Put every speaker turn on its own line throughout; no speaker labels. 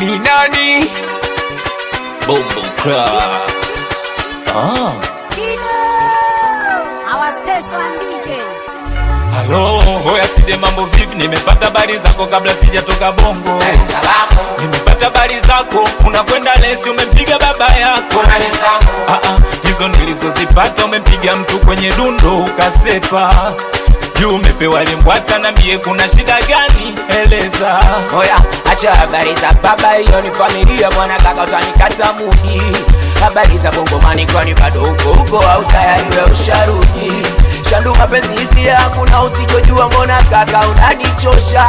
ni nani? Boom Boom Club. Ah. Halo, sije mambo vipi? Nimepata habari zako kabla sijatoka Bongo. Nimepata habari zako unakwenda lesi, umempiga baba yako. Ah, ah, hizo nilizozipata, umempiga mtu kwenye dundo ukasepa Yumepewa limbwata na mbie, kuna shida gani? Eleza.
Oya, acha habari za baba, hiyo ni familia bwana, kaka utanikata muji. Habari za Bongomani, kwani bado uko huko au tayari we usharudi? Shandu mapenzi hisi yangu na usichojua, mbona kaka unanichosha?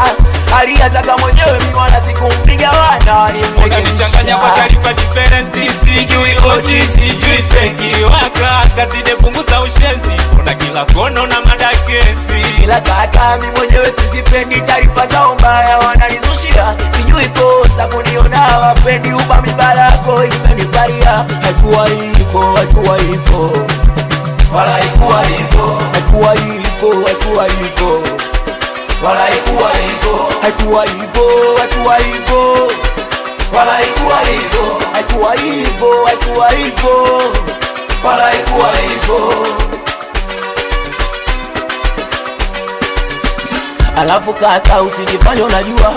Hali hata kama mwenyewe mimi wala sikumpiga wana
nichanganya kwa taarifa different, sijui oji sijui feki waka kazide punguza ushenzi, kuna kila kono na mani
ila kaka, mi mwenyewe sizipendi taarifa zao mbaya, wananizushia sijui kosa kuniona hawapendi uba mibarako imenibaria. Haikuwa hivyo, haikuwa hivyo,
wala haikuwa hivyo,
haikuwa hivyo, haikuwa hivyo,
wala haikuwa hivyo,
haikuwa hivyo, haikuwa hivyo,
wala haikuwa hivyo,
haikuwa hivyo, haikuwa hivyo alafu kaka, usijifanye unajua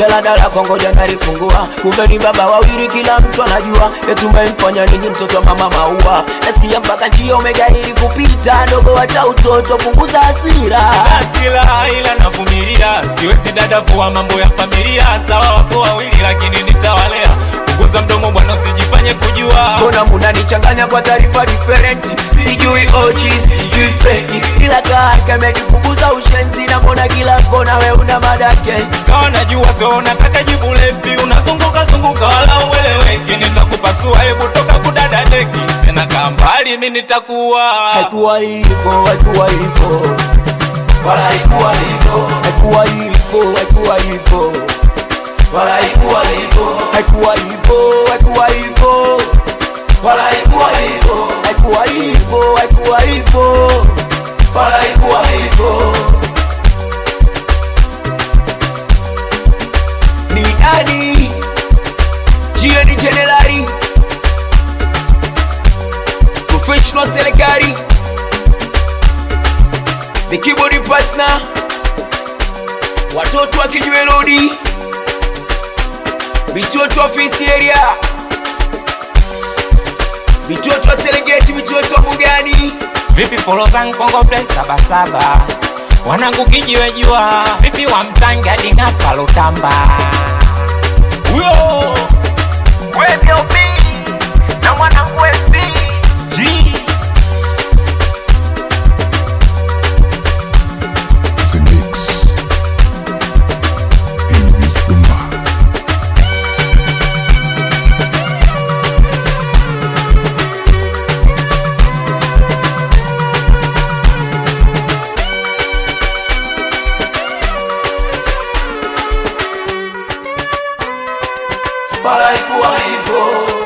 daladala kongoja nalifungua, kumbe ni baba wawili, kila mtu anajua. Etumemfanya nini mtoto wa mama maua? Nasikia mpaka njia umegairi kupita. ndogo wacha utoto, punguza hasira.
Hasira ila navumilia, siwezi dada vua mambo ya familia. Sawa, wapo wawili, lakini nitawalea Punguza mdomo bwana, usijifanye kujua.
Mbona munanichanganya kwa taarifa different? Sijui oji, sijui feki, ila kaka za ushenzi na mbona kila kona we una mada madakesi
sana jua zona taka jibu lepi unazunguka zunguka wala ueleweki nitakupasua hebu toka kudada deki tena kambali mimi nitakuwa
haikuwa hivo haikuwa hivo
wala haikuwa hivo
haikuwa hivo haikuwa hivo
wala haikuwa hivo
haikuwa hivo haikuwa hivo
wala haikuwa hivo
haikuwa hivo haikuwa hivo
Adi Jioni Jenerali Professional Serikali The Keyboard Partner Watoto wa Kijiwerodi Bitoto Office Area Bitoto wa Bitoto wa Bugani
Vipi follow zangu Play saba sabasaba wanangu kijiwejua vipi wa mtanga dinapalotamba
Wave Where's your feet.
mara ikuwa hivyo